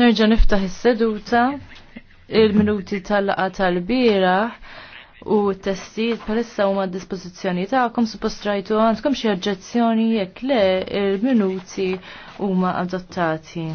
Nerġa' niftaħ is-seduta il-minuti tal-laqa tal-bieraħ u t-testijiet palissa huma d-dispożizzjoni tagħkom suppost rajtu għandkom xi oġġezzjoni jekk le il-minuti huma adottati.